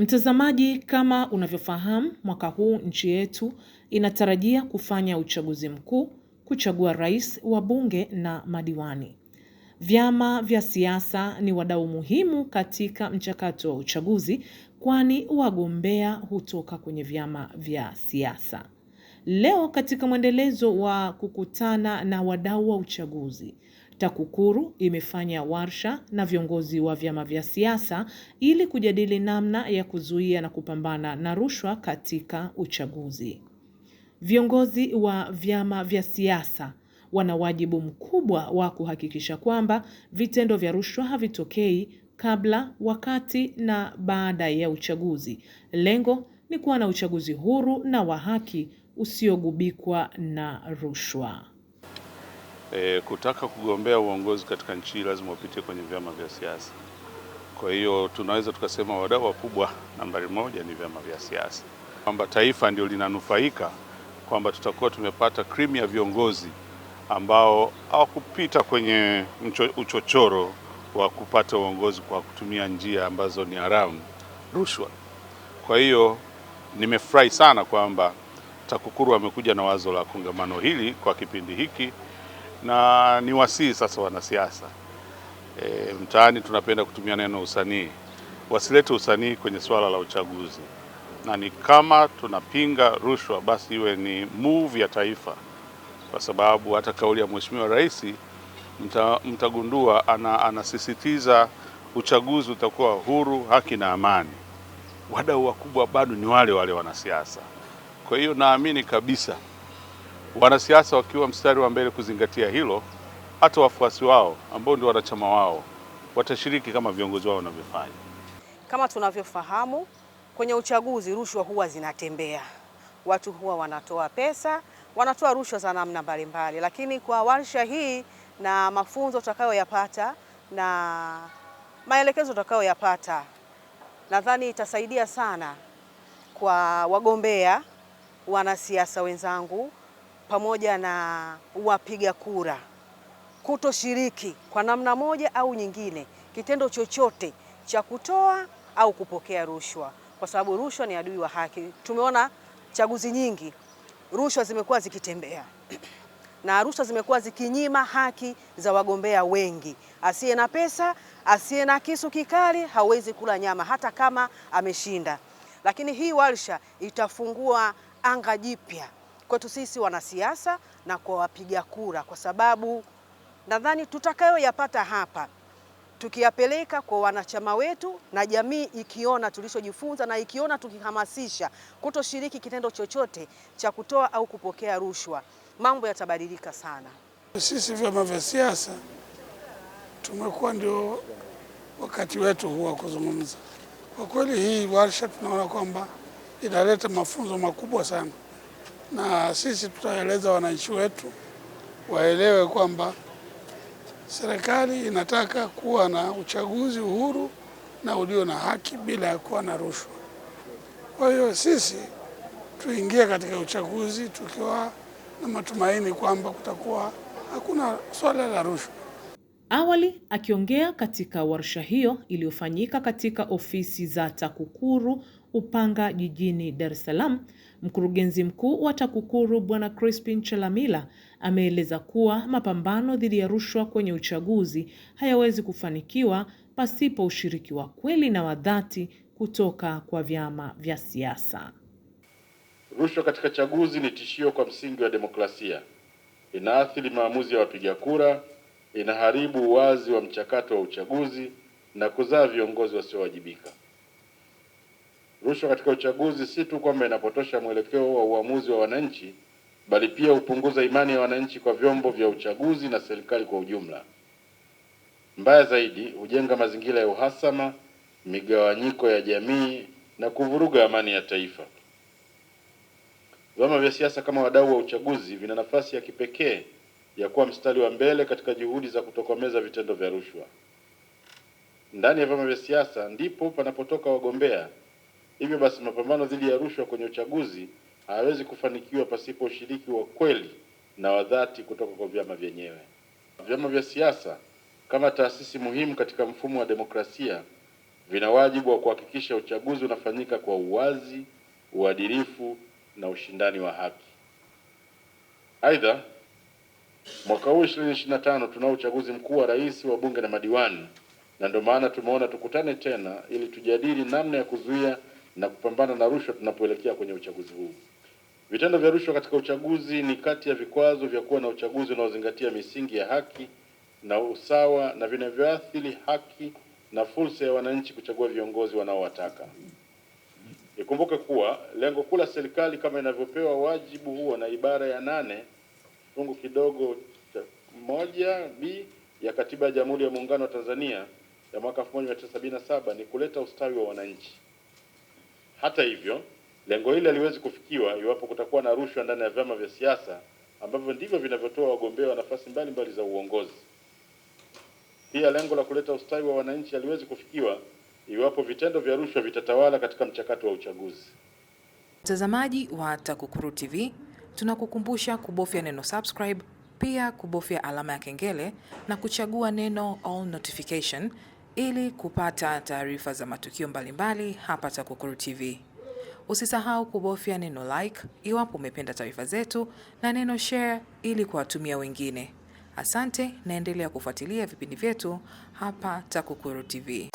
Mtazamaji, kama unavyofahamu, mwaka huu nchi yetu inatarajia kufanya uchaguzi mkuu, kuchagua rais, wabunge na madiwani. Vyama vya siasa ni wadau muhimu katika mchakato wa uchaguzi, kwani wagombea hutoka kwenye vyama vya siasa. Leo katika mwendelezo wa kukutana na wadau wa uchaguzi, TAKUKURU imefanya warsha na viongozi wa vyama vya siasa ili kujadili namna ya kuzuia na kupambana na rushwa katika uchaguzi. Viongozi wa vyama vya siasa wana wajibu mkubwa wa kuhakikisha kwamba vitendo vya rushwa havitokei kabla, wakati na baada ya uchaguzi. Lengo ni kuwa na uchaguzi huru na wa haki usiogubikwa na rushwa. E, kutaka kugombea uongozi katika nchi hii lazima upitie kwenye vyama vya siasa. Kwa hiyo tunaweza tukasema wadau wakubwa nambari moja ni vyama vya siasa, kwamba taifa ndio linanufaika kwamba tutakuwa tumepata cream ya viongozi ambao hawakupita kwenye mcho, uchochoro wa kupata uongozi kwa kutumia njia ambazo ni haramu, rushwa. Kwa hiyo nimefurahi sana kwamba TAKUKURU amekuja na wazo la kongamano hili kwa kipindi hiki na ni wasii sasa wanasiasa e, mtaani tunapenda kutumia neno usanii. Wasilete usanii kwenye swala la uchaguzi, na ni kama tunapinga rushwa, basi iwe ni move ya taifa, kwa sababu hata kauli ya Mheshimiwa Rais mta, mtagundua ana, anasisitiza uchaguzi utakuwa huru, haki na amani. Wadau wakubwa bado ni wale wale wanasiasa, kwa hiyo naamini kabisa wanasiasa wakiwa mstari wa mbele kuzingatia hilo, hata wafuasi wao ambao ndio wanachama wao watashiriki kama viongozi wao wanavyofanya. Kama tunavyofahamu, kwenye uchaguzi rushwa huwa zinatembea, watu huwa wanatoa pesa, wanatoa rushwa za namna mbalimbali, lakini kwa warsha hii na mafunzo tutakayoyapata na maelekezo tutakayoyapata, nadhani itasaidia sana kwa wagombea, wanasiasa wenzangu pamoja na wapiga kura kutoshiriki kwa namna moja au nyingine kitendo chochote cha kutoa au kupokea rushwa, kwa sababu rushwa ni adui wa haki. Tumeona chaguzi nyingi rushwa zimekuwa zikitembea na rushwa zimekuwa zikinyima haki za wagombea wengi. Asiye na pesa, asiye na kisu kikali hawezi kula nyama hata kama ameshinda. Lakini hii warsha itafungua anga jipya kwetu sisi wanasiasa na kwa wapiga kura, kwa sababu nadhani tutakayoyapata hapa tukiyapeleka kwa wanachama wetu na jamii ikiona tulichojifunza na ikiona tukihamasisha kutoshiriki kitendo chochote cha kutoa au kupokea rushwa, mambo yatabadilika sana. Sisi vyama vya siasa tumekuwa ndio wakati wetu huwa kuzungumza. Kwa kweli, hii warsha tunaona kwamba inaleta mafunzo makubwa sana na sisi tutaeleza wananchi wetu waelewe kwamba serikali inataka kuwa na uchaguzi uhuru na ulio na haki bila ya kuwa na rushwa. Kwa hiyo sisi tuingie katika uchaguzi tukiwa na matumaini kwamba kutakuwa hakuna swala la rushwa. Awali akiongea katika warsha hiyo iliyofanyika katika ofisi za TAKUKURU Upanga jijini Dar es Salaam, mkurugenzi mkuu wa TAKUKURU Bwana Crispin Chalamila ameeleza kuwa mapambano dhidi ya rushwa kwenye uchaguzi hayawezi kufanikiwa pasipo ushiriki wa kweli na wa dhati kutoka kwa vyama vya siasa. Rushwa katika chaguzi ni tishio kwa msingi wa demokrasia, inaathiri maamuzi ya wapiga kura, inaharibu uwazi wa mchakato wa uchaguzi na kuzaa viongozi wasiowajibika. Rushwa katika uchaguzi si tu kwamba inapotosha mwelekeo wa uamuzi wa wananchi, bali pia hupunguza imani ya wananchi kwa vyombo vya uchaguzi na serikali kwa ujumla. Mbaya zaidi, hujenga mazingira ya uhasama, migawanyiko ya jamii na kuvuruga amani ya taifa. Vyama vya siasa kama wadau wa uchaguzi vina nafasi ya kipekee ya kuwa mstari wa mbele katika juhudi za kutokomeza vitendo vya rushwa. Ndani ya vyama vya siasa ndipo panapotoka wagombea Hivyo basi mapambano dhidi ya rushwa kwenye uchaguzi hayawezi kufanikiwa pasipo ushiriki wa kweli na wa dhati kutoka kwa vyama vyenyewe. Vyama vya siasa kama taasisi muhimu katika mfumo wa demokrasia vina wajibu wa kuhakikisha uchaguzi unafanyika kwa uwazi, uadilifu na ushindani wa haki. Aidha, mwaka huu tano tunao uchaguzi mkuu wa rais, wa bunge na madiwani, na ndio maana tumeona tukutane tena ili tujadili namna ya kuzuia na kupambana na rushwa tunapoelekea kwenye uchaguzi huu. Vitendo vya rushwa katika uchaguzi ni kati ya vikwazo vya kuwa na uchaguzi unaozingatia misingi ya haki na usawa na vinavyoathiri haki na fursa ya wananchi kuchagua viongozi wanaowataka. Ikumbuke kuwa lengo kuu la serikali kama inavyopewa wajibu huo na ibara ya nane fungu kidogo cha moja b ya Katiba ya Jamhuri ya Muungano wa Tanzania ya mwaka 1977 ni kuleta ustawi wa wananchi. Hata hivyo, lengo hili haliwezi kufikiwa iwapo kutakuwa na rushwa ndani ya vyama vya siasa ambavyo ndivyo vinavyotoa wagombea wa nafasi mbalimbali za uongozi. Pia lengo la kuleta ustawi wa wananchi haliwezi kufikiwa iwapo vitendo vya rushwa vitatawala katika mchakato wa uchaguzi. Mtazamaji wa TAKUKURU TV, tunakukumbusha kubofya neno subscribe, pia kubofya alama ya kengele na kuchagua neno all notification ili kupata taarifa za matukio mbalimbali hapa TAKUKURU TV. Usisahau kubofya neno like iwapo umependa taarifa zetu na neno share ili kuwatumia wengine. Asante na endelea kufuatilia vipindi vyetu hapa TAKUKURU TV.